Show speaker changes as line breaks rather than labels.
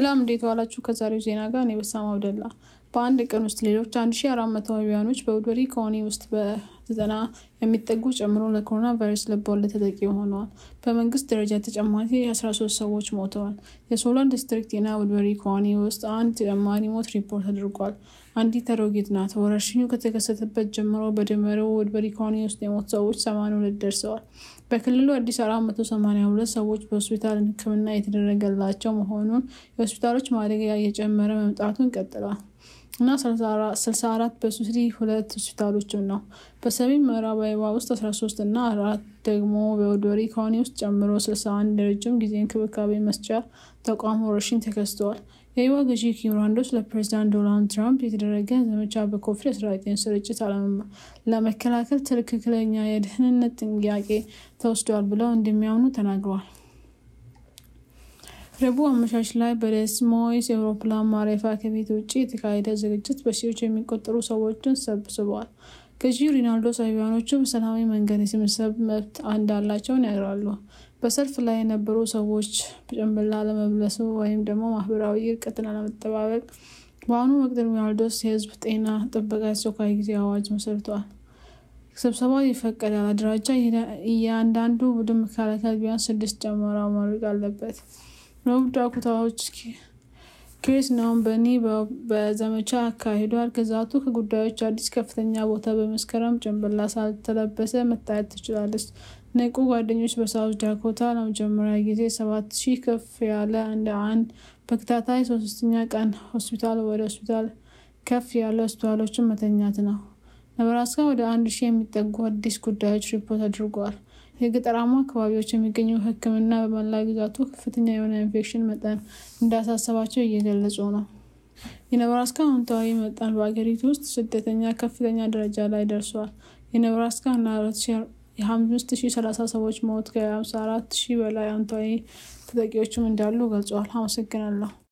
ሰላም እንዴት ዋላችሁ? ከዛሬው ዜና ጋር እኔ በሳም አብደላ በአንድ ቀን ውስጥ ሌሎች 1400 ሀዋሪያኖች በውድበሪ ከሆኔ ውስጥ በዘጠና የሚጠጉ ጨምሮ ለኮሮና ቫይረስ ልበወለድ ተጠቂ ሆነዋል። በመንግስት ደረጃ ተጨማሪ 13 ሰዎች ሞተዋል። የሶላን ዲስትሪክት ጤና ውድበሪ ከሆኔ ውስጥ አንድ ተጨማሪ ሞት ሪፖርት አድርጓል። አንዲት አሮጊት ናት። ወረርሽኙ ከተከሰተበት ጀምሮ በደመረው ውድበሪ ከሆኔ ውስጥ የሞቱ ሰዎች 82 ደርሰዋል። በክልሉ አዲስ 482 ሰዎች በሆስፒታል ሕክምና የተደረገላቸው መሆኑን የሆስፒታሎች ማደጊያ እየጨመረ መምጣቱን ቀጥሏል። እና 64 በሱሲ ሁለት ሆስፒታሎችም ነው። በሰሜን ምዕራብ አይዋ ውስጥ 13 እና አራት ደግሞ በዶሪ ካውኒ ውስጥ ጨምሮ 61 ለረጅም ጊዜ እንክብካቤ መስጫ ተቋም ወረርሽኝ ተከስተዋል። የአይዋ ገዢ ኪም ለፕሬዚዳንት ዶናልድ ትራምፕ የተደረገ ዘመቻ በኮቪድ-19 ስርጭት ለመከላከል ትክክለኛ የደህንነት ጥንቃቄ ተወስዷል ብለው እንደሚያምኑ ተናግረዋል። ረቡዕ አመሻሽ ላይ በደስሞይስ የአውሮፕላን ማረፊያ ከቤት ውጭ የተካሄደ ዝግጅት በሺዎች የሚቆጠሩ ሰዎችን ሰብስበዋል። ገዢው ሪናልዶ ሳቢያኖቹ በሰላማዊ መንገድ የስምሰብ መብት እንዳላቸውን ያግራሉ። በሰልፍ ላይ የነበሩ ሰዎች በጨንብላ ለመብለሱ ወይም ደግሞ ማህበራዊ እርቀትን ለመጠባበቅ በአሁኑ ወቅት ሪናልዶስ የህዝብ ጤና ጥበቃ የአስቸኳይ ጊዜ አዋጅ መሰርተዋል። ስብሰባ ይፈቀዳል አደራጃ እያንዳንዱ ቡድን መከላከል ቢያንስ ስድስት ጨመራ ማድረግ አለበት። እርምጃ ኩታዎች ክሪስ በኒ በዘመቻ አካሂዷል። ግዛቱ ከጉዳዮች አዲስ ከፍተኛ ቦታ በመስከረም ጭንብላ ሳልተለበሰ መታየት ትችላለች። ንቁ ጓደኞች በሳውዝ ዳኮታ ለመጀመሪያ ጊዜ ሰባት ሺህ ከፍ ያለ እንደ አንድ በክታታይ ሶስተኛ ቀን ሆስፒታል ወደ ሆስፒታል ከፍ ያለ ሆስፒታሎችን መተኛት ነው። ነበራስካ ወደ አንድ ሺህ የሚጠጉ አዲስ ጉዳዮች ሪፖርት አድርጓል። የገጠራማ አካባቢዎች የሚገኘው ሕክምና በመላ ግዛቱ ከፍተኛ የሆነ ኢንፌክሽን መጠን እንዳሳሰባቸው እየገለጹ ነው። የነብራስካ አዎንታዊ መጠን በአገሪቱ ውስጥ ስደተኛ ከፍተኛ ደረጃ ላይ ደርሷል። የነብራስካ እና የ5030 ሰዎች ሞት ከ54 ሺህ በላይ አዎንታዊ ተጠቂዎችም እንዳሉ ገልጿል። አመሰግናለሁ።